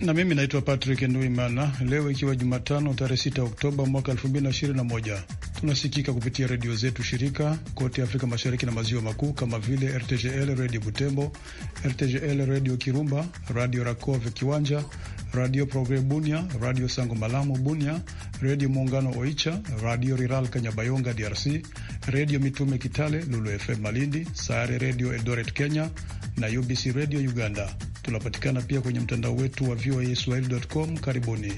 na mimi naitwa Patrick Nduimana. Leo ikiwa Jumatano tarehe 6 Oktoba mwaka 2021, tunasikika kupitia redio zetu shirika kote Afrika Mashariki na Maziwa Makuu kama vile RTGL Redio Butembo, RTGL Redio Kirumba, Radio Rakove Kiwanja, Radio Progre Bunia, Radio Sango Malamu Bunia, Redio Muungano Oicha, Radio riral Kanyabayonga DRC, Redio Mitume Kitale, Lulu FM Malindi, Sayare Redio Eldoret Kenya na UBC Redio Uganda. Tunapatikana pia kwenye mtandao wetu wa VOA Swahili.com. Karibuni.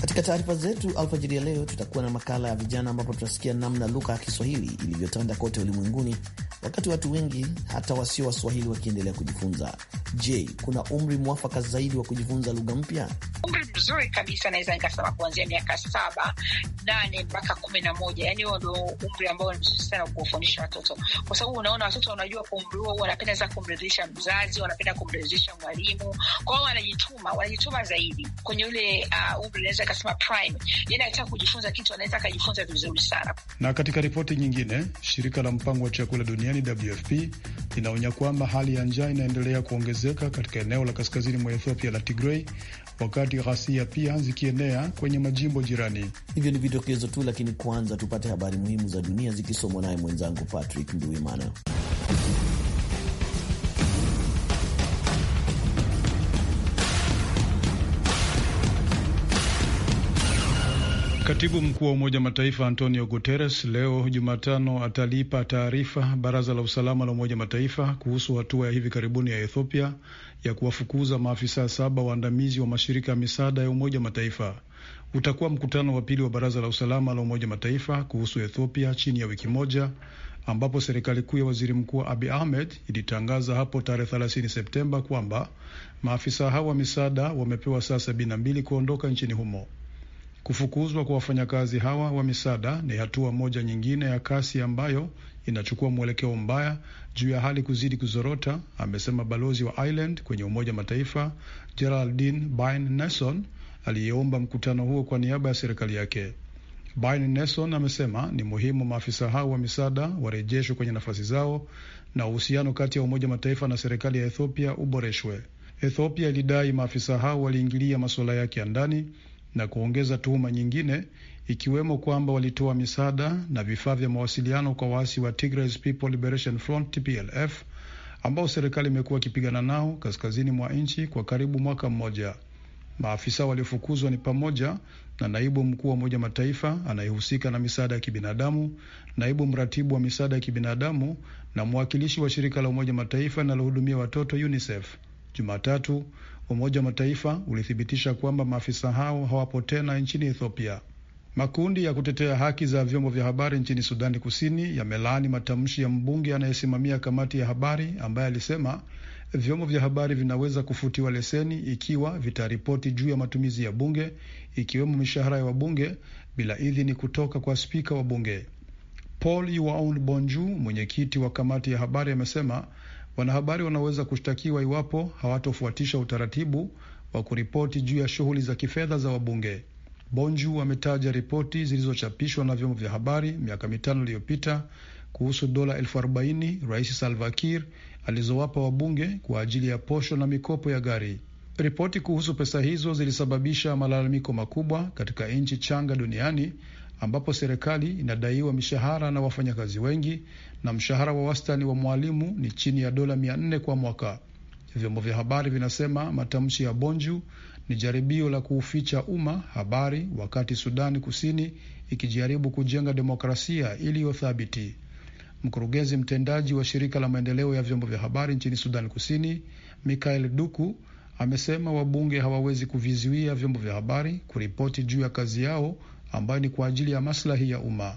Katika taarifa zetu alfajiri ya leo, tutakuwa na makala ya vijana, ambapo tutasikia namna lugha ya Kiswahili ilivyotanda kote ulimwenguni wakati watu wengi hata wasio Waswahili wakiendelea kujifunza. Je, kuna umri mwafaka zaidi wa kujifunza lugha mpya? Umri mzuri kabisa naweza nikasema kuanzia miaka saba nane mpaka kumi na moja yani huo ndo umri ambao ni mzuri sana kuwafundisha watoto, kwa sababu unaona watoto wanajua kwa umri huo wanapenda za kumridhisha mzazi, wanapenda kumridhisha mwalimu, kwa hiyo wanajituma, wanajituma zaidi kwenye ule uh, umri naweza ikasema prime, yani anataka kujifunza kitu anaweza akajifunza vizuri sana. Na katika ripoti nyingine, shirika la mpango wa chakula duniani WFP inaonya kwamba hali ya njaa inaendelea kuongezeka katika eneo la kaskazini mwa Ethiopia la Tigrei, wakati ghasia pia zikienea kwenye majimbo jirani. Hivyo ni vidokezo tu, lakini kwanza tupate habari muhimu za dunia zikisomwa naye mwenzangu Patrick nduimana Katibu mkuu wa Umoja Mataifa Antonio Guterres leo Jumatano atalipa taarifa Baraza la Usalama la Umoja Mataifa kuhusu hatua ya hivi karibuni ya Ethiopia ya kuwafukuza maafisa saba waandamizi wa mashirika ya misaada ya Umoja Mataifa. Utakuwa mkutano wa pili wa Baraza la Usalama la Umoja Mataifa kuhusu Ethiopia chini ya wiki moja, ambapo serikali kuu ya waziri mkuu Abiy Ahmed ilitangaza hapo tarehe 30 Septemba kwamba maafisa hao wa misaada wamepewa saa 72 kuondoka nchini humo. Kufukuzwa kwa wafanyakazi hawa wa misaada ni hatua moja nyingine ya kasi ambayo inachukua mwelekeo mbaya juu ya hali kuzidi kuzorota, amesema balozi wa Ireland kwenye Umoja Mataifa Geraldine Byrne Nelson aliyeomba mkutano huo kwa niaba ya serikali yake. Byrne Nelson amesema ni muhimu maafisa hao wa misaada warejeshwe kwenye nafasi zao na uhusiano kati ya Umoja Mataifa na serikali ya Ethiopia uboreshwe. Ethiopia ilidai maafisa hao waliingilia masuala yake ya ndani na kuongeza tuhuma nyingine ikiwemo kwamba walitoa misaada na vifaa vya mawasiliano kwa waasi wa Tigray People Liberation Front TPLF ambao serikali imekuwa ikipigana nao kaskazini mwa nchi kwa karibu mwaka mmoja. Maafisa waliofukuzwa ni pamoja na naibu mkuu wa Umoja Mataifa anayehusika na misaada ya kibinadamu, naibu mratibu wa misaada ya kibinadamu na mwakilishi wa shirika la Umoja Mataifa linalohudumia watoto UNICEF. Jumatatu Umoja wa Mataifa ulithibitisha kwamba maafisa hao hawapo tena nchini Ethiopia. Makundi ya kutetea haki za vyombo vya habari nchini Sudani Kusini yamelaani matamshi ya mbunge anayesimamia kamati ya habari ambaye alisema vyombo vya habari vinaweza kufutiwa leseni ikiwa vitaripoti juu ya matumizi ya bunge, ikiwemo mishahara ya wabunge, bila idhini kutoka kwa spika wa bunge. Paul ywaun Bonju, mwenyekiti wa kamati ya habari, amesema Wanahabari wanaweza kushtakiwa iwapo hawatofuatisha utaratibu wa kuripoti juu ya shughuli za kifedha za wabunge. Bonju ametaja ripoti zilizochapishwa na vyombo vya habari miaka mitano iliyopita kuhusu dola elfu arobaini Rais Salva Kiir alizowapa wabunge kwa ajili ya posho na mikopo ya gari. Ripoti kuhusu pesa hizo zilisababisha malalamiko makubwa katika nchi changa duniani ambapo serikali inadaiwa mishahara na wafanyakazi wengi, na mshahara wa wastani wa mwalimu ni chini ya dola mia nne kwa mwaka. Vyombo vya habari vinasema matamshi ya Bonju ni jaribio la kuuficha umma habari, wakati Sudani Kusini ikijaribu kujenga demokrasia iliyothabiti. Mkurugenzi mtendaji wa shirika la maendeleo ya vyombo vya habari nchini Sudani Kusini, Mikael Duku, amesema wabunge hawawezi kuvizuia vyombo vya habari kuripoti juu ya kazi yao ambayo ni kwa ajili ya maslahi ya umma.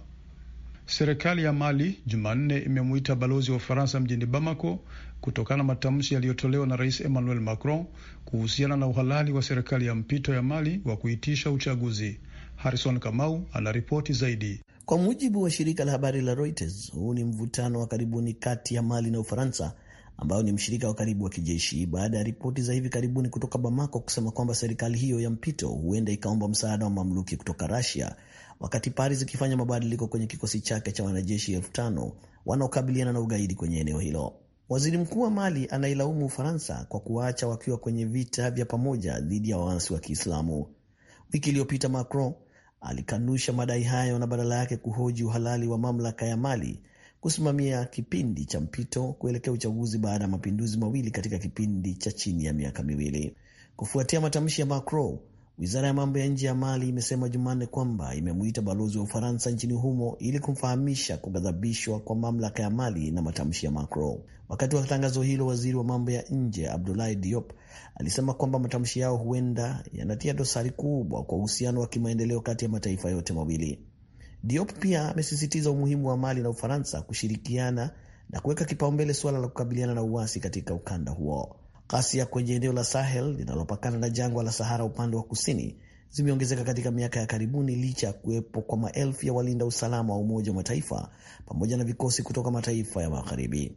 Serikali ya Mali Jumanne imemwita balozi wa Ufaransa mjini Bamako kutokana na matamshi yaliyotolewa na Rais Emmanuel Macron kuhusiana na uhalali wa serikali ya mpito ya Mali wa kuitisha uchaguzi. Harrison Kamau anaripoti zaidi. Kwa mujibu wa shirika la habari la Reuters, huu ni mvutano wa karibuni kati ya Mali na Ufaransa ambayo ni mshirika wa karibu wa kijeshi baada ya ripoti za hivi karibuni kutoka Bamako kusema kwamba serikali hiyo ya mpito huenda ikaomba msaada wa mamluki kutoka rasia wakati Paris ikifanya mabadiliko kwenye kikosi chake cha wanajeshi elfu tano wanaokabiliana na ugaidi kwenye eneo hilo. Waziri mkuu wa Mali anailaumu Ufaransa kwa kuwaacha wakiwa kwenye vita vya pamoja dhidi ya waasi wa Kiislamu. Wiki iliyopita Macron alikanusha madai hayo na badala yake kuhoji uhalali wa mamlaka ya Mali kusimamia kipindi cha mpito kuelekea uchaguzi baada ya mapinduzi mawili katika kipindi cha chini ya miaka miwili. Kufuatia matamshi ya Macron, wizara ya mambo ya nje ya Mali imesema Jumanne kwamba imemuita balozi wa Ufaransa nchini humo ili kumfahamisha kughadhabishwa kwa mamlaka ya Mali na matamshi ya Macron. Wakati wa tangazo hilo, waziri wa mambo ya nje Abdoulaye Diop alisema kwamba matamshi yao huenda yanatia dosari kubwa kwa uhusiano wa kimaendeleo kati ya mataifa yote mawili. Diop pia amesisitiza umuhimu wa Mali na Ufaransa kushirikiana na kuweka kipaumbele suala la kukabiliana na uasi katika ukanda huo. Ghasia kwenye eneo la Sahel linalopakana na jangwa la Sahara upande wa kusini zimeongezeka katika miaka ya karibuni licha ya kuwepo kwa maelfu ya walinda usalama wa Umoja wa Mataifa pamoja na vikosi kutoka mataifa ya Magharibi.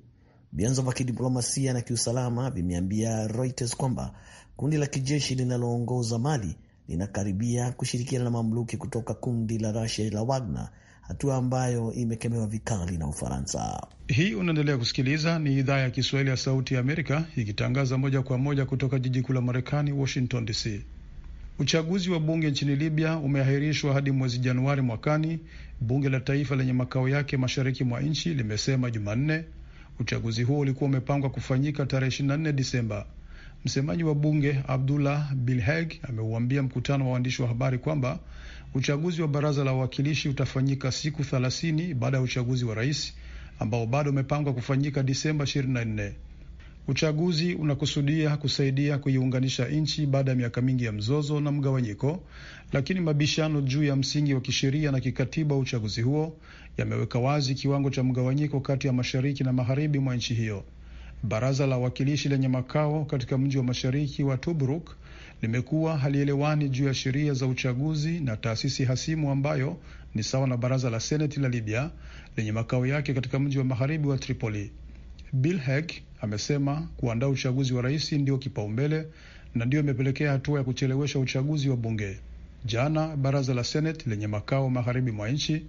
Vyanzo vya kidiplomasia na kiusalama vimeambia Reuters kwamba kundi la kijeshi linaloongoza Mali linakaribia kushirikiana na mamluki kutoka kundi la rasia la Wagner, hatua ambayo imekemewa vikali na Ufaransa. Hii unaendelea kusikiliza, ni idhaa ya Kiswahili ya Sauti ya Amerika ikitangaza moja kwa moja kutoka jiji kuu la Marekani, Washington DC. Uchaguzi wa bunge nchini Libya umeahirishwa hadi mwezi Januari mwakani, bunge la taifa lenye makao yake mashariki mwa nchi limesema Jumanne. Uchaguzi huo ulikuwa umepangwa kufanyika tarehe 24 Disemba. Msemaji wa bunge Abdullah Bilheg ameuambia mkutano wa waandishi wa habari kwamba uchaguzi wa baraza la wawakilishi utafanyika siku 30 baada ya uchaguzi wa rais ambao bado umepangwa kufanyika Disemba 24. Uchaguzi unakusudia kusaidia kuiunganisha nchi baada ya miaka mingi ya mzozo na mgawanyiko, lakini mabishano juu ya msingi wa kisheria na kikatiba wa uchaguzi huo yameweka wazi kiwango cha mgawanyiko kati ya mashariki na magharibi mwa nchi hiyo. Baraza la Wawakilishi lenye makao katika mji wa mashariki wa Tobruk limekuwa halielewani juu ya sheria za uchaguzi na taasisi hasimu ambayo ni sawa na baraza la seneti la Libya lenye makao yake katika mji wa magharibi wa Tripoli. Bill heg amesema kuandaa uchaguzi wa rais ndio kipaumbele na ndiyo imepelekea hatua ya kuchelewesha uchaguzi wa bunge. Jana baraza la seneti lenye makao magharibi mwa nchi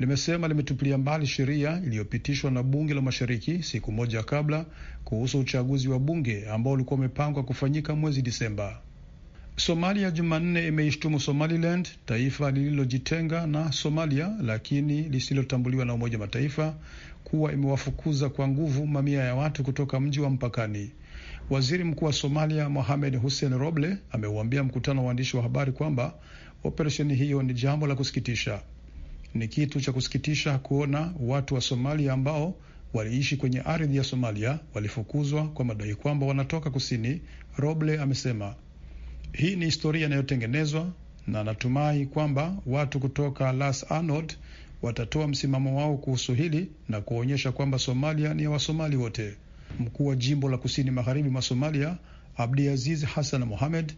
limesema limetupilia mbali sheria iliyopitishwa na bunge la mashariki siku moja kabla kuhusu uchaguzi wa bunge ambao ulikuwa umepangwa kufanyika mwezi Disemba. Somalia Jumanne imeishtumu Somaliland, taifa lililojitenga na Somalia lakini lisilotambuliwa na Umoja Mataifa, kuwa imewafukuza kwa nguvu mamia ya watu kutoka mji wa mpakani. Waziri Mkuu wa Somalia Mohamed Hussein Roble ameuambia mkutano wa waandishi wa habari kwamba operesheni hiyo ni jambo la kusikitisha. Ni kitu cha kusikitisha kuona watu wa Somalia ambao waliishi kwenye ardhi ya Somalia walifukuzwa kwa madai kwamba wanatoka kusini, Roble amesema. Hii ni historia inayotengenezwa na natumai kwamba watu kutoka Las Anod watatoa msimamo wao kuhusu hili na kuonyesha kwamba Somalia ni ya Wasomali wote. Mkuu wa jimbo la kusini magharibi mwa Somalia Abdiaziz Hassan Mohamed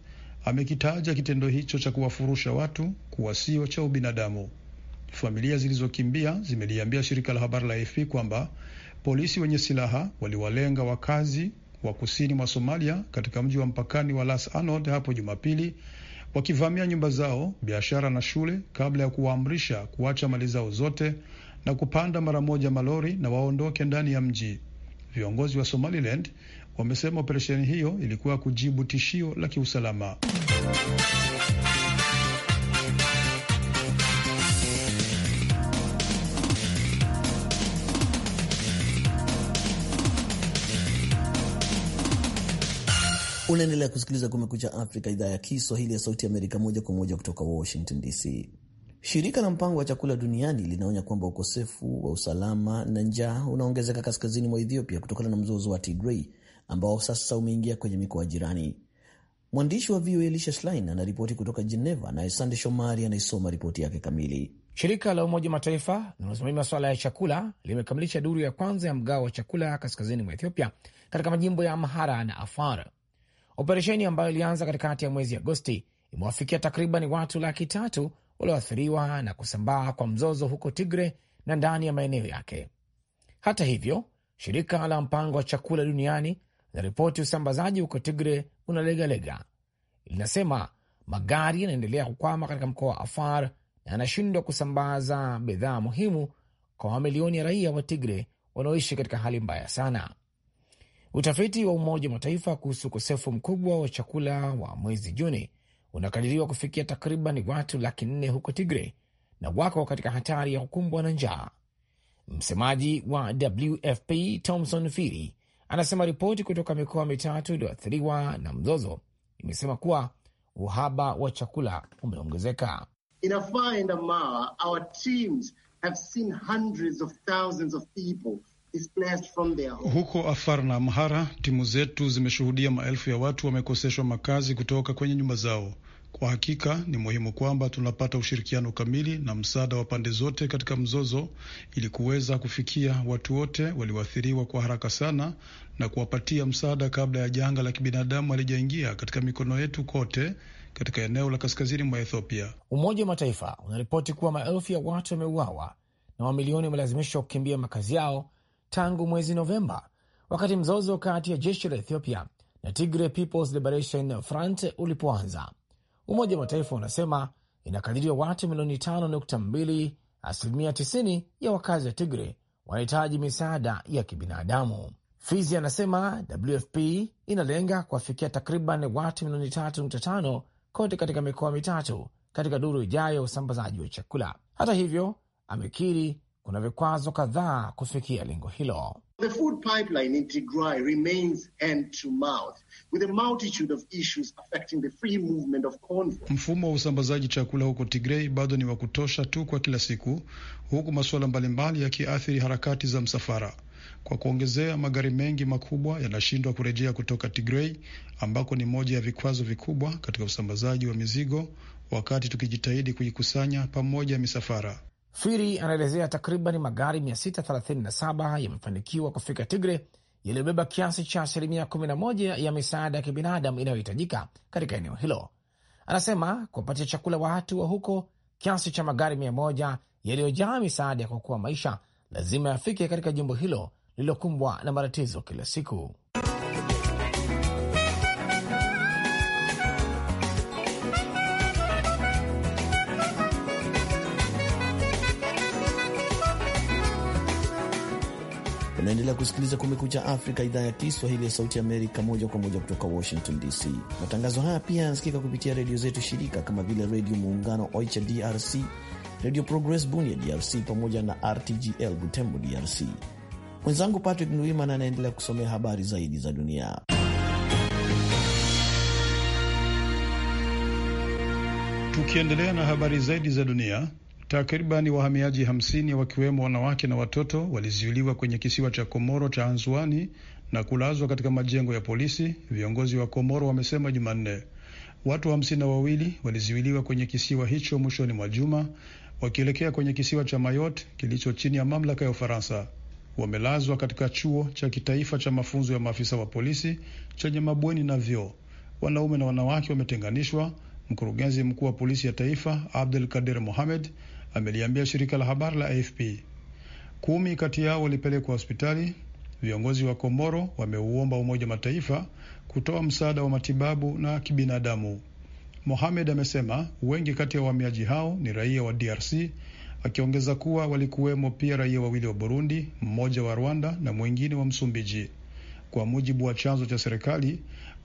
amekitaja kitendo hicho cha kuwafurusha watu kuwa sio cha ubinadamu. Familia zilizokimbia zimeliambia shirika la habari la AFP kwamba polisi wenye silaha waliwalenga wakazi wa kusini mwa Somalia katika mji wa mpakani wa Las Anod hapo Jumapili, wakivamia nyumba zao, biashara na shule kabla ya kuwaamrisha kuacha mali zao zote na kupanda mara moja malori na waondoke ndani ya mji. Viongozi wa Somaliland wamesema operesheni hiyo ilikuwa kujibu tishio la kiusalama. Unaendelea kusikiliza Kumekucha Afrika, idhaa ya Kiswahili ya Sauti Amerika, moja kwa moja kutoka Washington DC. Shirika la Mpango wa Chakula Duniani linaonya kwamba ukosefu wa usalama na njaa unaongezeka kaskazini mwa Ethiopia kutokana na mzozo wa Tigrei ambao sasa umeingia kwenye mikoa jirani. Mwandishi wa VOA Elisha Schlein anaripoti kutoka Geneva, naye Sande Shomari anaisoma ripoti yake kamili. Shirika la Umoja Mataifa linalosimamia masuala ya chakula limekamilisha duru ya kwanza ya mgao wa chakula kaskazini mwa Ethiopia katika majimbo ya Amhara na Afar. Operesheni ambayo ilianza katikati ya mwezi Agosti imewafikia takriban watu laki tatu walioathiriwa na kusambaa kwa mzozo huko Tigre na ndani ya maeneo yake. Hata hivyo, shirika la mpango wa chakula duniani linaripoti usambazaji huko Tigre unalegalega. Linasema magari yanaendelea kukwama katika mkoa wa Afar na yanashindwa kusambaza bidhaa muhimu kwa mamilioni ya raia wa Tigre wanaoishi katika hali mbaya sana. Utafiti wa Umoja wa Mataifa kuhusu ukosefu mkubwa wa chakula wa mwezi Juni unakadiriwa kufikia takriban watu laki nne huko Tigre na wako katika hatari ya kukumbwa na njaa. Msemaji wa WFP Thomson Firi anasema ripoti kutoka mikoa mitatu iliyoathiriwa na mzozo imesema kuwa uhaba wa chakula umeongezeka. our teams have seen hundreds of thousands of people huko Afar na Amhara, timu zetu zimeshuhudia maelfu ya watu wamekoseshwa makazi kutoka kwenye nyumba zao. Kwa hakika ni muhimu kwamba tunapata ushirikiano kamili na msaada wa pande zote katika mzozo ili kuweza kufikia watu wote walioathiriwa kwa haraka sana na kuwapatia msaada kabla ya janga la kibinadamu halijaingia katika mikono yetu kote katika eneo la kaskazini mwa Ethiopia. Umoja wa Mataifa unaripoti kuwa maelfu ya watu wameuawa na mamilioni wamelazimishwa kukimbia makazi yao tangu mwezi Novemba, wakati mzozo kati ya jeshi la Ethiopia na Tigray People's Liberation Front ulipoanza. Umoja wa Mataifa unasema inakadiriwa watu milioni 5.2, asilimia 90 ya wakazi wa tigre wanahitaji misaada ya kibinadamu. Fizi anasema WFP inalenga kuwafikia takriban watu milioni 3.5 kote katika mikoa mitatu katika duru ijayo ya usambazaji wa chakula. Hata hivyo, amekiri kuna vikwazo kadhaa kufikia lengo hilo. The food pipeline in Tigray remains hand to mouth with a multitude of issues affecting the free movement of convoy. Mfumo wa usambazaji chakula huko Tigray bado ni wa kutosha tu kwa kila siku, huku masuala mbalimbali yakiathiri harakati za msafara. Kwa kuongezea, magari mengi makubwa yanashindwa kurejea kutoka Tigray ambako ni moja ya vikwazo vikubwa katika usambazaji wa mizigo, wakati tukijitahidi kuikusanya pamoja misafara. Firi anaelezea takriban magari 637 yamefanikiwa kufika Tigre, yaliyobeba kiasi cha asilimia 11 ya misaada ya kibinadamu inayohitajika katika eneo hilo. Anasema kuwapatia chakula watu wa huko, kiasi cha magari 100 yaliyojaa misaada ya kuokoa maisha lazima yafike katika jimbo hilo lililokumbwa na matatizo kila siku. unaendelea kusikiliza Kumekucha Afrika, idhaa ya Kiswahili ya Sauti Amerika, moja kwa moja kutoka Washington DC. Matangazo haya pia yanasikika kupitia redio zetu shirika kama vile Redio Muungano Oicha DRC, Redio Progress Bunia DRC, pamoja na RTGL Butembo DRC. Mwenzangu Patrick Nduimana anaendelea kusomea habari zaidi za dunia. Tukiendelea na habari zaidi za dunia Takribani wahamiaji hamsini wakiwemo wanawake na watoto walizuiliwa kwenye kisiwa cha Komoro cha Anzuani na kulazwa katika majengo ya polisi, viongozi wa Komoro wamesema Jumanne. Watu hamsini na wawili walizuiliwa kwenye kisiwa hicho mwishoni mwa juma wakielekea kwenye kisiwa cha Mayotte kilicho chini ya mamlaka ya Ufaransa. Wamelazwa katika chuo cha kitaifa cha mafunzo ya maafisa wa polisi chenye mabweni na vyoo. Wanaume na wanawake wametenganishwa. Mkurugenzi mkuu wa polisi ya taifa Abdul Kader Mohamed ameliambia shirika la habari la AFP. Kumi kati yao walipelekwa hospitali. Viongozi wa Komoro wameuomba Umoja wa Mataifa kutoa msaada wa matibabu na kibinadamu. Mohamed amesema wengi kati ya wahamiaji hao ni raia wa DRC, akiongeza kuwa walikuwemo pia raia wawili wa Burundi, mmoja wa Rwanda na mwingine wa Msumbiji. Kwa mujibu wa chanzo cha serikali,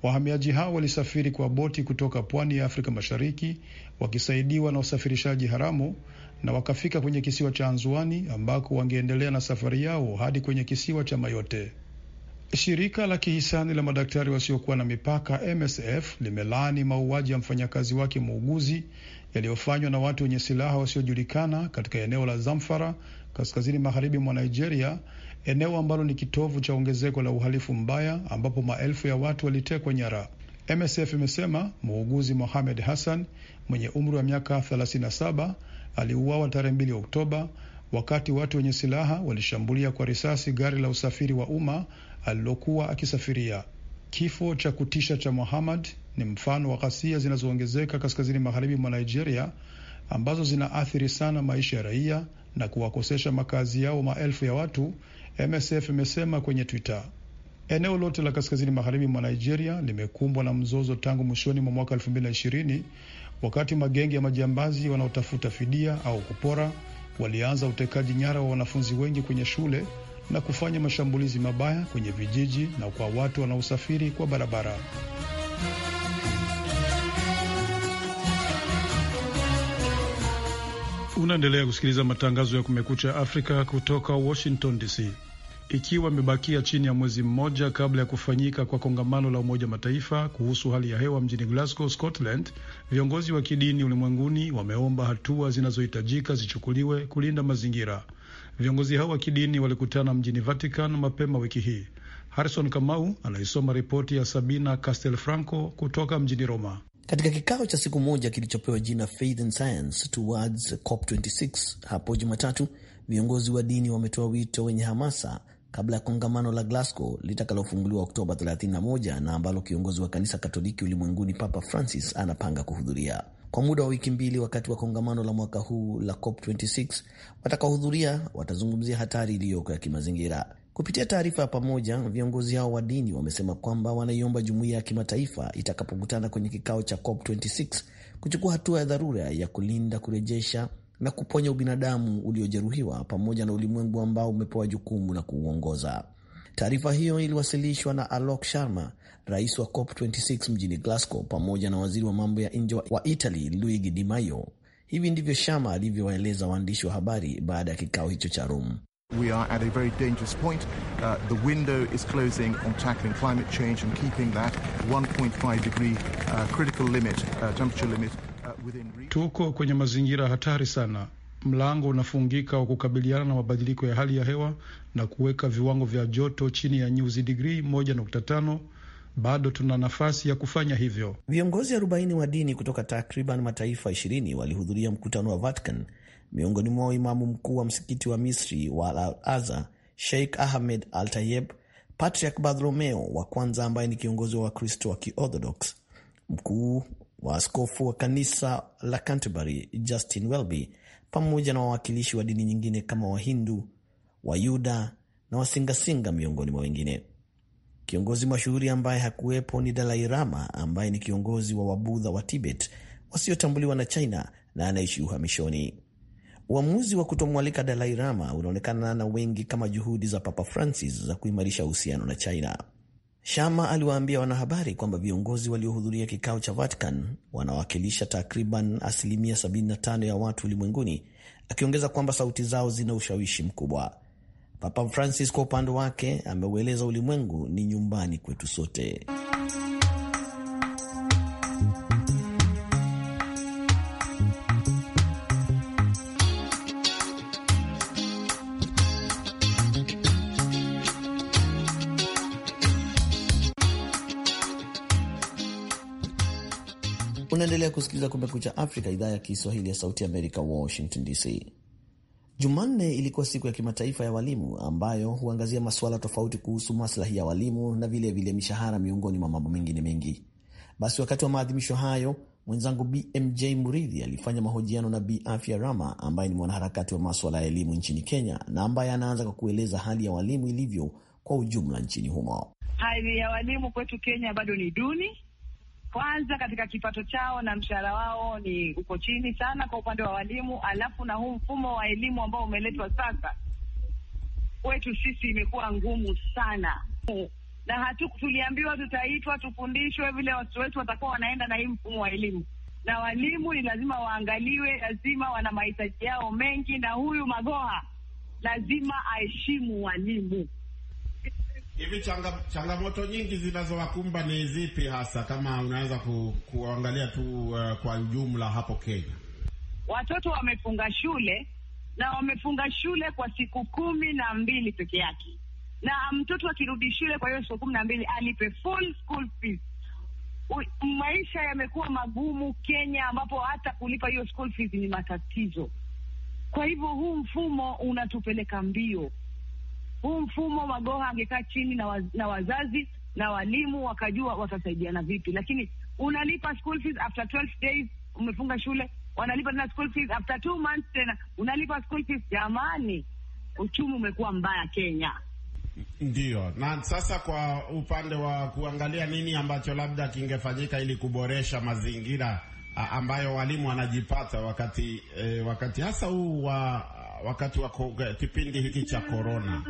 wahamiaji hao walisafiri kwa boti kutoka pwani ya Afrika Mashariki wakisaidiwa na usafirishaji haramu na wakafika kwenye kisiwa cha Anzuani ambako wangeendelea na safari yao hadi kwenye kisiwa cha Mayote. Shirika la kihisani la madaktari wasiokuwa na mipaka MSF limelaani mauaji ya mfanyakazi wake muuguzi yaliyofanywa na watu wenye silaha wasiojulikana katika eneo la Zamfara kaskazini magharibi mwa Nigeria, eneo ambalo ni kitovu cha ongezeko la uhalifu mbaya ambapo maelfu ya watu walitekwa nyara. MSF imesema muuguzi Mohamed Hassan mwenye umri wa miaka 37 aliuawa tarehe 2 Oktoba wakati watu wenye silaha walishambulia kwa risasi gari la usafiri wa umma alilokuwa akisafiria. Kifo cha kutisha cha Muhammad ni mfano wa ghasia zinazoongezeka kaskazini magharibi mwa Nigeria ambazo zinaathiri sana maisha ya raia na kuwakosesha makazi yao maelfu ya watu, MSF imesema kwenye Twitter. Eneo lote la kaskazini magharibi mwa Nigeria limekumbwa na mzozo tangu mwishoni mwa mwaka wakati magenge ya majambazi wanaotafuta fidia au kupora walianza utekaji nyara wa wanafunzi wengi kwenye shule na kufanya mashambulizi mabaya kwenye vijiji na kwa watu wanaosafiri kwa barabara. Unaendelea kusikiliza matangazo ya Kumekucha Afrika kutoka Washington DC ikiwa imebakia chini ya mwezi mmoja kabla ya kufanyika kwa kongamano la Umoja Mataifa kuhusu hali ya hewa mjini Glasgow, Scotland, viongozi wa kidini ulimwenguni wameomba hatua zinazohitajika zichukuliwe kulinda mazingira. Viongozi hao wa kidini walikutana mjini Vatican mapema wiki hii. Harrison Kamau anaisoma ripoti ya Sabina Castelfranco kutoka mjini Roma. Katika kikao cha siku moja kilichopewa jina Faith and Science Towards COP26 hapo Jumatatu, viongozi wa dini wametoa wito wenye hamasa kabla ya kongamano la Glasgow litakalofunguliwa Oktoba 31 na ambalo kiongozi wa kanisa Katoliki ulimwenguni Papa Francis anapanga kuhudhuria kwa muda wa wiki mbili. Wakati wa kongamano la mwaka huu la COP26, watakaohudhuria watazungumzia hatari iliyoko ya kimazingira. Kupitia taarifa ya pamoja, viongozi hao wa dini wamesema kwamba wanaiomba jumuiya ya kimataifa itakapokutana kwenye kikao cha COP26 kuchukua hatua ya dharura ya kulinda, kurejesha na kuponya ubinadamu uliojeruhiwa pamoja na ulimwengu ambao umepewa jukumu la kuuongoza. Taarifa hiyo iliwasilishwa na Alok Sharma, rais wa COP26 mjini Glasgow, pamoja na waziri wa mambo ya nje wa Italy Luigi Di Maio. Hivi ndivyo Sharma alivyowaeleza waandishi wa habari baada ya kikao hicho cha Rome. We are at a very dangerous point. Uh, the window is closing on tackling climate change and keeping that 1.5 degree uh, critical limit, uh, temperature limit. Tuko kwenye mazingira hatari sana. Mlango unafungika wa kukabiliana na mabadiliko ya hali ya hewa na kuweka viwango vya joto chini ya nyuzi digrii 1.5. Bado tuna nafasi ya kufanya hivyo. Viongozi 40 wa dini kutoka takriban mataifa 20 walihudhuria mkutano wa Vatican, miongoni mwao imamu mkuu wa msikiti wa Misri wa Al Azhar Sheikh Ahmed Al Tayeb, Patriarch Bartholomeo wa kwanza ambaye ni kiongozi wa Wakristo wa Kiorthodox, mkuu askofu wa kanisa la Canterbury Justin Welby pamoja na wawakilishi wa dini nyingine kama Wahindu, Wayuda na wasingasinga miongoni mwa wengine. Kiongozi mashuhuri ambaye hakuwepo ni Dalai Lama ambaye ni kiongozi wa Wabudha wa Tibet wasiotambuliwa na China na anaishi uhamishoni. Uamuzi wa kutomwalika Dalai Lama unaonekana na wengi kama juhudi za Papa Francis za kuimarisha uhusiano na China. Shama aliwaambia wanahabari kwamba viongozi waliohudhuria kikao cha Vatican wanawakilisha takriban asilimia 75 ya watu ulimwenguni, akiongeza kwamba sauti zao zina ushawishi mkubwa. Papa Francis kwa upande wake ameueleza ulimwengu ni nyumbani kwetu sote. Unaendelea kusikiliza Kumekucha Afrika, idhaa ya Kiswahili ya Sauti Amerika, Washington DC. Jumanne ilikuwa siku ya kimataifa ya walimu ambayo huangazia masuala tofauti kuhusu maslahi ya walimu na vilevile vile mishahara miongoni mwa mambo mengine mengi. Basi wakati wa maadhimisho hayo, mwenzangu BMJ Muridhi alifanya mahojiano na Bi Afya Rama ambaye ni mwanaharakati wa maswala ya elimu nchini Kenya na ambaye anaanza kwa kueleza hali ya walimu ilivyo kwa ujumla nchini humo. Hali ya walimu kwetu Kenya bado ni duni kwanza katika kipato chao na mshahara wao ni uko chini sana kwa upande wa walimu, alafu na huu mfumo wa elimu ambao umeletwa sasa kwetu sisi imekuwa ngumu sana, na hatu tuliambiwa tutaitwa tufundishwe vile watoto wetu watakuwa wanaenda na hii mfumo wa elimu, na walimu ni lazima waangaliwe, lazima wana mahitaji yao mengi, na huyu Magoha lazima aheshimu walimu. Hivi changa, changamoto nyingi zinazowakumba ni zipi hasa, kama unaweza ku, kuangalia tu uh, kwa ujumla hapo Kenya? Watoto wamefunga shule na wamefunga shule kwa siku kumi na mbili peke yake, na mtoto akirudi shule kwa hiyo siku kumi na mbili alipe full school fees. Maisha yamekuwa magumu Kenya, ambapo hata kulipa hiyo school fees ni matatizo. Kwa hivyo huu mfumo unatupeleka mbio huu mfumo, Magoha angekaa chini na, waz, na wazazi na walimu wakajua watasaidiana vipi, lakini unalipa school fees after 12 days, umefunga shule wanalipa tena school fees after two months, tena unalipa school fees. Jamani, uchumi umekuwa mbaya Kenya. Ndiyo, na sasa kwa upande wa kuangalia nini ambacho labda kingefanyika ili kuboresha mazingira ambayo walimu wanajipata wakati eh, wakati hasa huu wa wakati wa kipindi hiki cha korona?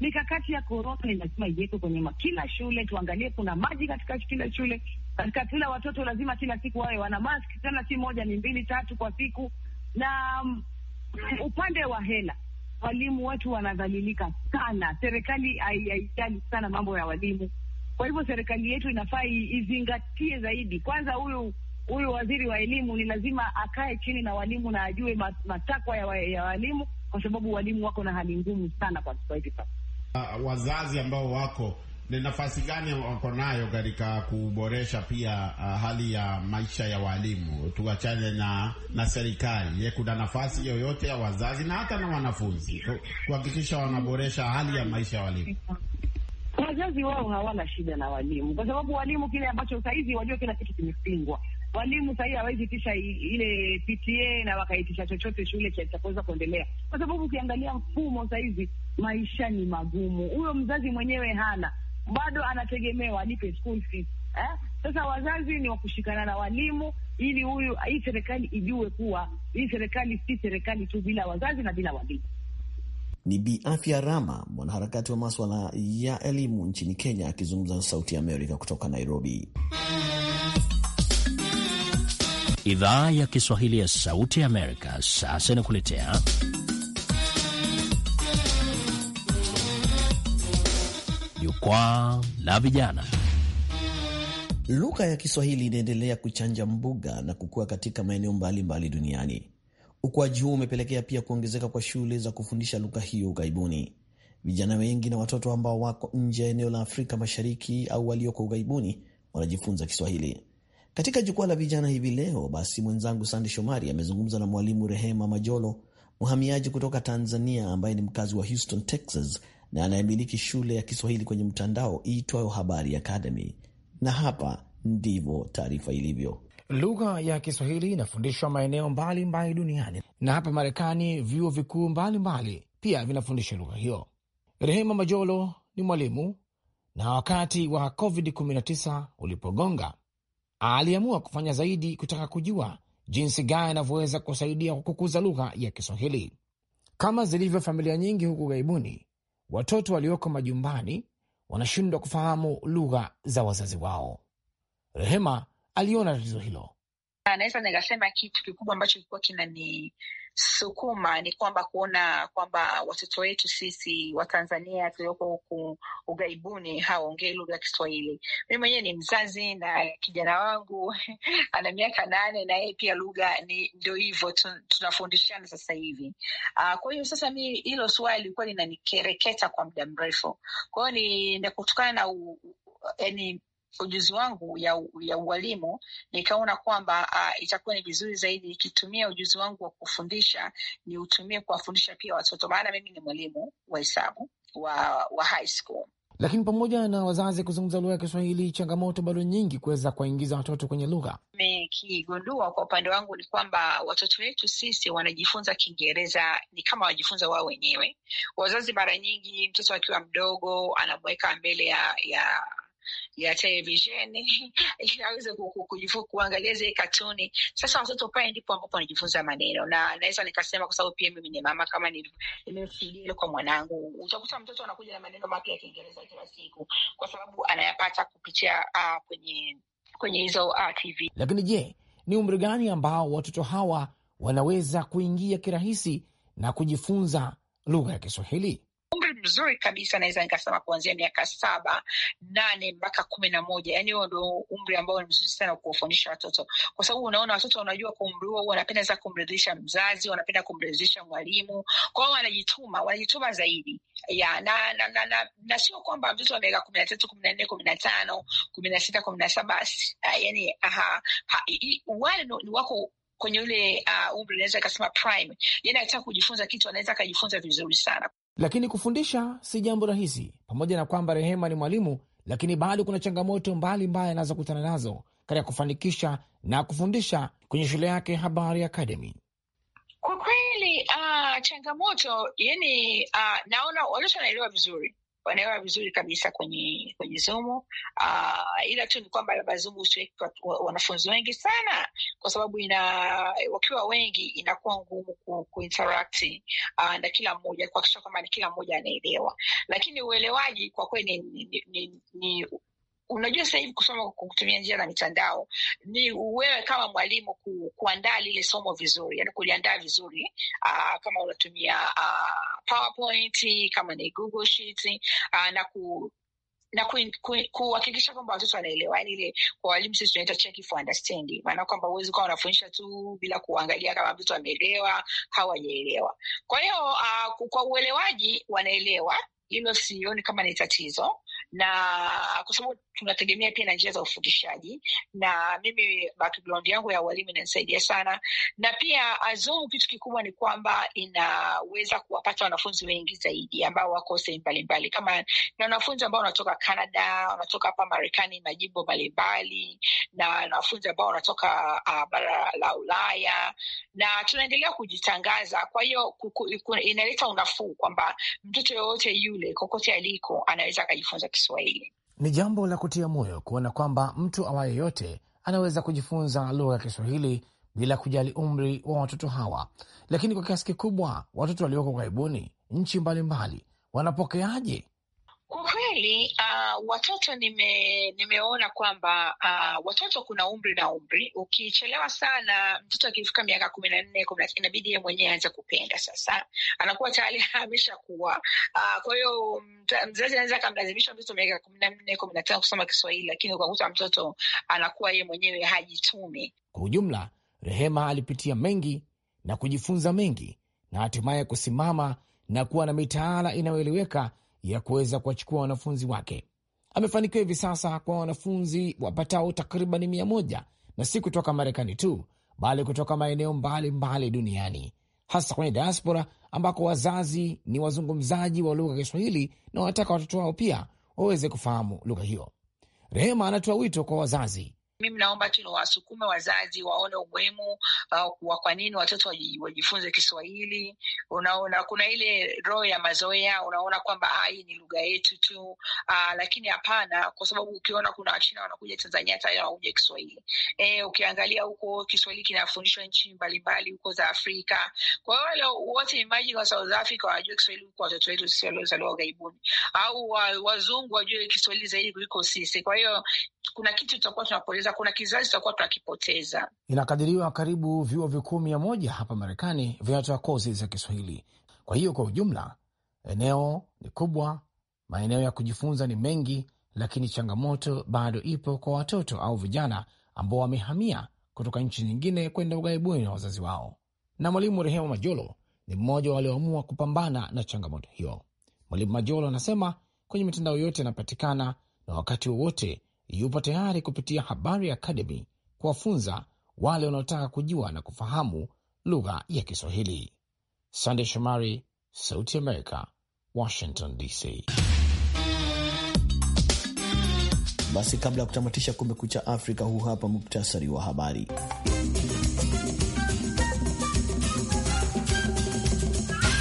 Mikakati ya korona ni lazima iwekwe kwenye kila shule, tuangalie kuna maji katika kila shule, katika kila watoto lazima kila siku wawe wana mask, tena si moja, ni mbili tatu kwa siku. Na mm, upande wa hela, walimu wetu wanadhalilika sana, serikali haijali sana mambo ya walimu. Kwa hivyo serikali yetu inafaa izingatie zaidi kwanza huyu huyu waziri wa elimu ni lazima akae chini na walimu na ajue matakwa ya, wa, ya walimu kwa sababu walimu wako na hali ngumu sana kwa sasa hivi. Uh, wazazi ambao wako ni nafasi gani wako nayo katika kuboresha pia uh, hali ya maisha ya walimu? Tuachane na na serikali. Je, kuna nafasi yoyote ya wazazi na hata na wanafunzi kuhakikisha wanaboresha hali ya maisha ya walimu? Wazazi wao hawana shida na walimu, kwa sababu walimu kile ambacho saizi wajua, kila kitu kimepingwa Walimu hawezi tisha ile PTA na wakaitisha chochote shule kitaweza kuendelea, kwa sababu ukiangalia mfumo sahizi maisha ni magumu. Huyo mzazi mwenyewe hana bado, anategemewa alipe school fees eh? Sasa wazazi ni wakushikana na walimu ili huyu hii serikali ijue kuwa hii serikali si serikali tu bila wazazi na bila walimu. Ni Bi Afya Rama, mwanaharakati wa maswala ya elimu nchini Kenya, akizungumza na Sauti ya Amerika kutoka Nairobi. Idhaa ya Kiswahili ya Sauti ya Amerika sasa inakuletea Jukwaa la Vijana. Lugha ya Kiswahili inaendelea kuchanja mbuga na kukua katika maeneo mbalimbali duniani. Ukuaji huu umepelekea pia kuongezeka kwa shule za kufundisha lugha hiyo ughaibuni. Vijana wengi na watoto ambao wako nje ya eneo la Afrika Mashariki au walioko ughaibuni wanajifunza Kiswahili. Katika jukwaa la vijana hivi leo, basi mwenzangu Sande Shomari amezungumza na mwalimu Rehema Majolo, mhamiaji kutoka Tanzania ambaye ni mkazi wa Houston, Texas, na anayemiliki shule ya Kiswahili kwenye mtandao iitwayo Habari Academy, na hapa ndivyo taarifa ilivyo. Lugha ya Kiswahili inafundishwa maeneo mbalimbali duniani na hapa Marekani vyuo vikuu mbalimbali pia vinafundisha lugha hiyo. Rehema Majolo ni mwalimu, na wakati wa COVID-19 ulipogonga aliamua kufanya zaidi kutaka kujua jinsi gani anavyoweza kusaidia kwa kukuza lugha ya Kiswahili. Kama zilivyo familia nyingi huku ghaibuni, watoto walioko majumbani wanashindwa kufahamu lugha za wazazi wao. Rehema aliona tatizo hilo. Naweza nikasema kitu kikubwa ambacho kilikuwa kinani sukuma ni kwamba kuona kwamba watoto wetu sisi Watanzania tulioko huku ughaibuni hawaongei lugha ya Kiswahili. Mi mwenyewe ni mzazi na kijana wangu ana miaka nane na yeye pia lugha ni ndo hivyo tunafundishana sasa hivi. Uh, kwa hiyo sasa mi hilo swali lilikuwa linanikereketa kwa muda mrefu. Kwa hiyo ni kutokana na u, u, yani ujuzi wangu ya, ya ualimu nikaona kwamba uh, itakuwa ni vizuri zaidi ikitumia ujuzi wangu wa kufundisha ni utumie kuwafundisha pia watoto, maana mimi ni mwalimu wa hesabu wa, wa high school. Lakini pamoja na wazazi kuzungumza lugha ya Kiswahili, changamoto bado nyingi kuweza kuwaingiza watoto kwenye lugha. Nimekigundua kwa upande wangu ni kwamba watoto wetu sisi wanajifunza Kiingereza ni kama wajifunza wao wenyewe. Wazazi mara nyingi, mtoto akiwa mdogo anamweka mbele ya, ya ya televisheni ili aweze kuangalia zile katuni. Sasa watoto pale ndipo ambapo wanajifunza maneno, na naweza nikasema kwa sababu pia mimi ni mama, kama nimemshuhudia kwa mwanangu, utakuta mtoto anakuja na maneno mapya ya Kiingereza kila siku kwa sababu anayapata kupitia uh, kwenye kwenye hizo uh, TV. Lakini je, ni umri gani ambao watoto hawa wanaweza kuingia kirahisi na kujifunza lugha ya Kiswahili? mzuri kabisa, naweza nikasema kuanzia miaka saba nane mpaka kumi na moja yani huo ndo umri ambao ni mzuri sana kuwafundisha watoto, kwa sababu unaona watoto wanajua kwa umri huo wanapenda za kumridhisha mzazi, wanapenda kumridhisha mwalimu, kwa hiyo wanajituma, wanajituma zaidi ya na, na, na, na, na sio kwamba mtoto wa miaka kumi na tatu kumi na nne kumi na tano kumi na sita kumi na saba ah, yani wale ni wako kwenye ule uh, umri naweza ikasema prime, yani akitaka kujifunza kitu anaweza akajifunza vizuri sana. Lakini kufundisha si jambo rahisi. Pamoja na kwamba Rehema ni mwalimu, lakini bado kuna changamoto mbalimbali anazokutana nazo katika kufanikisha na kufundisha kwenye shule yake Habari Academy. Kwa kweli uh, changamoto yani, uh, naona watoto wanaelewa vizuri wanaelewa vizuri kabisa kwenye kwenye zumu. Uh, ila tu ni kwamba labda zumu usiweki wanafunzi wengi sana, kwa sababu ina wakiwa wengi inakuwa ngumu ku, kuinteracti uh, ah, na kila mmoja kuhakikisha kwamba ni kila mmoja anaelewa, lakini uelewaji kwa kweli ni, ni, ni, ni Unajua, sasa hivi kusoma kwa kutumia njia za mitandao ni wewe kama mwalimu ku, kuandaa lile somo vizuri, yani kuliandaa vizuri aa, ah, kama unatumia aa, ah, PowerPoint kama ni Google Sheet aa, ah, na ku na kuhakikisha kwamba watoto wanaelewa, yani ile kwa walimu sisi tunaita check for understanding, maana kwamba huwezi kuwa unafundisha tu bila kuangalia kama mtoto ameelewa au hajaelewa. Kwa hiyo uh, kwa uelewaji wanaelewa, hilo sioni kama ni tatizo na kwa sababu tunategemea pia na njia za ufundishaji, na mimi background yangu ya walimu inanisaidia sana, na pia Zoom kitu kikubwa ni kwamba inaweza kuwapata wanafunzi wengi zaidi ambao wako sehemu mbalimbali, kama na wanafunzi ambao wanatoka Canada, wanatoka hapa Marekani, majimbo mbalimbali, na wanafunzi ambao wanatoka uh, bara la Ulaya, na tunaendelea kujitangaza. Kwa hiyo inaleta unafuu kwamba mtoto yoyote yule kokote aliko anaweza akajifunza Kiswahili. Kiswahili. Ni jambo la kutia moyo kuona kwamba mtu awaye yote anaweza kujifunza lugha ya Kiswahili bila kujali umri wa watoto hawa. Lakini kwa kiasi kikubwa watoto walioko karibuni nchi mbalimbali wanapokeaje? kweli uh, watoto nime, nimeona kwamba uh, watoto kuna umri na umri. Ukichelewa sana, mtoto akifika miaka kumi na nne inabidi ye mwenyewe aanze kupenda, sasa anakuwa tayari ameshakuwa. Uh, kwa hiyo mzazi anaweza akamlazimisha mtoto miaka kumi na nne kumi na tano kusoma Kiswahili, lakini ukakuta mtoto anakuwa ye mwenyewe hajitumi Kwa ujumla, Rehema alipitia mengi na kujifunza mengi na hatimaye kusimama na kuwa na mitaala inayoeleweka ya kuweza kuwachukua wanafunzi wake. Amefanikiwa hivi sasa kwa wanafunzi wapatao takriban mia moja na si kutoka Marekani tu bali kutoka maeneo mbalimbali duniani, hasa kwenye diaspora ambako wazazi ni wazungumzaji wa lugha ya Kiswahili na wanataka watoto wao pia waweze kufahamu lugha hiyo. Rehema anatoa wito kwa wazazi mimi naomba tu niwasukume wazazi waone umuhimu uh, wa kwa nini watoto wajifunze Kiswahili. Unaona kuna ile roho ya mazoea, unaona kwamba ah, hii ni lugha yetu tu uh, lakini hapana, kwa sababu ukiona kuna Wachina wanakuja Tanzania hata wanakuja Kiswahili e, ukiangalia huko Kiswahili kinafundishwa nchi mbalimbali huko za Afrika. Kwa hiyo wale wote imagine wa South Africa wanajua Kiswahili kwa watoto wetu sisi waliozaliwa ughaibuni, au wazungu wajue Kiswahili zaidi kuliko sisi. Kwa hiyo kuna kitu tutakuwa tunapoteza tunapoteza, kuna kizazi tutakuwa tunakipoteza. Inakadiriwa karibu vyuo vikuu mia moja hapa Marekani vinatoa kozi za Kiswahili. Kwa hiyo kwa ujumla, eneo ni kubwa, maeneo ya kujifunza ni mengi, lakini changamoto bado ipo kwa watoto au vijana ambao wamehamia kutoka nchi nyingine kwenda ughaibuni na wazazi wao. Na Mwalimu Rehema Majolo ni mmoja walioamua kupambana na changamoto hiyo. Mwalimu Majolo anasema kwenye mitandao yote yanapatikana na wakati wowote yupo tayari kupitia Habari Academy kuwafunza wale wanaotaka kujua na kufahamu lugha ya Kiswahili. Sande Shomari, Sauti Amerika, Washington DC. Basi kabla ya kutamatisha Kumekucha Afrika, huu hapa muktasari wa habari.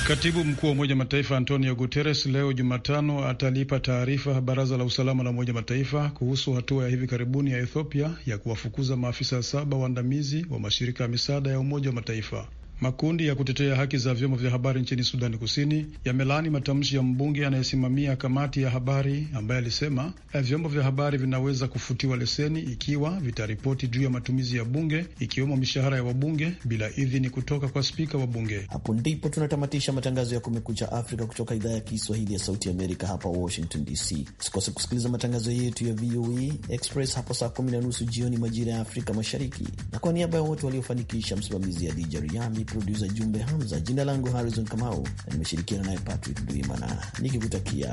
Katibu mkuu wa Umoja Mataifa Antonio Guterres leo Jumatano atalipa taarifa Baraza la Usalama la Umoja Mataifa kuhusu hatua ya hivi karibuni ya Ethiopia ya kuwafukuza maafisa saba waandamizi wa mashirika ya misaada ya Umoja wa Mataifa. Makundi ya kutetea haki za vyombo vya habari nchini Sudani Kusini yamelaani matamshi ya mbunge anayesimamia kamati ya habari ambaye alisema eh, vyombo vya habari vinaweza kufutiwa leseni ikiwa vitaripoti juu ya matumizi ya bunge ikiwemo mishahara ya wabunge bila idhini kutoka kwa spika wa bunge. Hapo ndipo tunatamatisha matangazo ya Kumekucha Afrika kutoka idhaa ya Kiswahili ya Sauti Amerika hapa Washington DC. Sikose kusikiliza matangazo yetu ya VOA e Express hapo saa kumi na nusu jioni majira ya Afrika Mashariki, na kwa niaba ya wote waliofanikisha, msimamizi Adija Riami, ni produsa Jumbe Hamza. Jina langu Harrison Kamau na nimeshirikiana naye Patrick Duimana nikikutakia